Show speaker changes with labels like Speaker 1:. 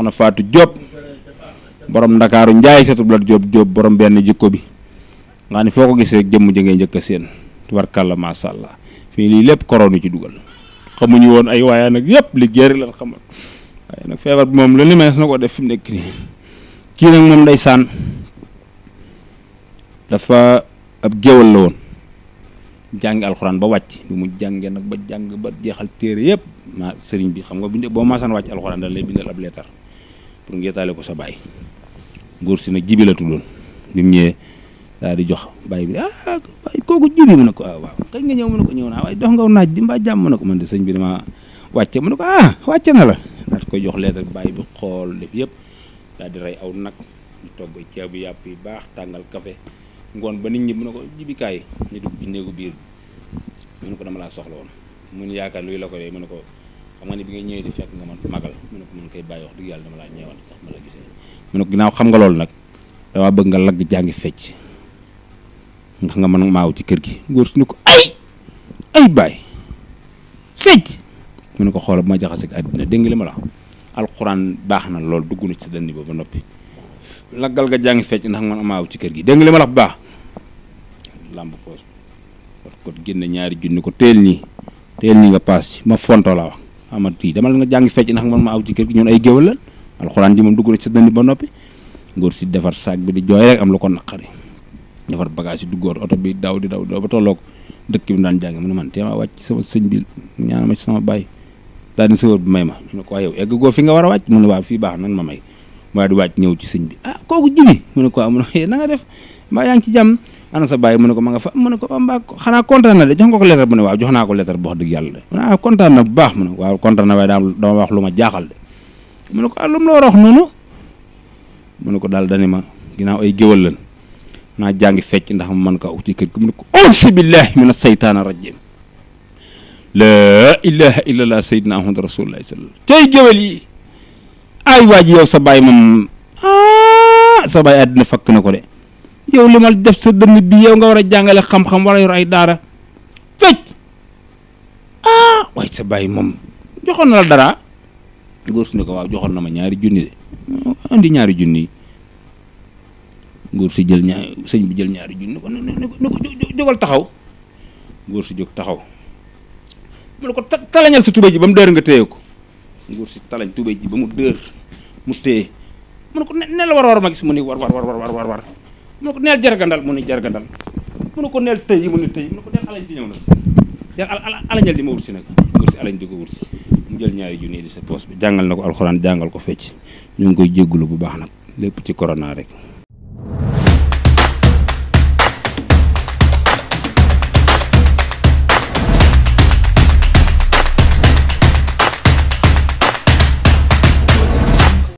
Speaker 1: soxna Faatu Jóob borom ndakaaru njaay satub lat Jóob Jóob jikko bi nga ni foo ko gis jëmm ji ngay njëkk seen tubarkàlla macha fii lii lépp korona ci dugal xamuñu woon ay waaye nag yëpp li géer lan nag feebar bi moom lu ni mees na def fi mu nekk nii kii nag moom day sànn dafa ab géwal la woon jàngi alxuraan ba wàcc bi mu jàngee nag ba jàng ba jeexal téere yëpp ma sëriñ bi xam nga bu boo masaan wàcc alxuraan dañ lay bindal ab leetar pour ngeetaale ko sa baay góor si nag jibi la tuddoon bi mu daal di jox baay bi ah kooku jibi mun ne ko ah, waaw kañ nga ñëw mu ne ko ñëw naa waaye dox nga naaj di mbaa jàmm mu ne ko man de sëñ bi dama wàcce mu ne ko ah na la daal di koy jox lettre baay bi xool def yëpp aw nag ñu togg ceebu yàpp yi baax tàngal café ngoon ba nit ñi mu ne ko jibikaay ñu dugg ci néegu biir mu ne ko dama laa soxla woon mu ne yaakaar luy la ko dee mu ne ko xam nga ne bi ngay ñëwee di fekk nga man magal mu ne ko koy bàyyi wax dëgg yàlla dama laa ñeewante sax ma la gisee mu ne ko ginnaaw xam nga loolu nag damaa bëgg nga lagg jàngi fecc ndax nga mën maaw ci kër gi góor ko ay ay ko xoolal bu ma jaxase ak àddina dégg baax na lool dugg ci sa dënn ba ba noppi laggal nga jàngi fecc ndax man maaw ci kër gi dégg nga li ma la bu baax làmb poos kot génn ñaari junni ko teel nii teel nii nga paas ci ma fonto la wax amat kii demal nga jàngi fecc ndax man ma aw ci kër ko ñun ay géwal lan alxuraan ji moom dugg na ci sa dënd ba noppi ngóor si defar saak bi di jooy rek am lu ko naqari defar bagage yi duggoor oto bi daw di daw ba tolloo ko dëkk bi mu ne ma ma ko yow egg goo nga war a wàcc mu ne waaw fii ma may mu di wàcc ñëw ci bi ah ko mu ne eh na nga def mbaa yaa ci jàmm ana sa bàyyi mu ne ko ma nga fa mu ne ko mbaa xanaa kontaan na de jox nga ko lettre mu ne waaw jox naa ko lettre bu ne ah, kontaan na bu baax mu ne waaw kontaan na waaye daam dama wax lu ma jaaxal de mu ne ko ah lu mu la war wax noonu mu ne ko daal dani ma ginnaaw ay géwal lan naa jàngi fecc ndax ma mën kaa uti kër gi ko auzu billahi mina seytaana rajim laa ilaha illallah sayyidina ahmad rasulullah sallallahu yi ay waa ji yow sa bàyyi moom ah sa bàyyi àddina fakk na ko de yow li ma def sa dënn bi yow nga war a jàngale xam-xam war a yor ay daara fecc ah waaye sa bàyyi moom joxoon na la dara góor su ne ko waaw joxoon na ma ñaari junni de ah, andi ñaari junni góor si jël ñaar sëñ bi jël ñaari junni ne ko ne ko jógal taxaw góor si jóg taxaw mu ne ko talañal sa tubéy ji ba mu dër nga téye ko góor si talañ tubéy ji ba mu dër mu téye mu ne ko ne la war war ma gis mu ne war war war war war war mu ne ko neel jargandal mu ne jargandal ne ko neel tëy mu ne tëy mu ne ko neel alañ di ñëw nag del alañal di ma wursi nag wursi alañ di ko wursi mu jël ñaari junni di sa poos bi jàngal na ko alxuraan jàngal ko fecc ñu ngi koy jéggulu bu baax nag lépp ci corona rek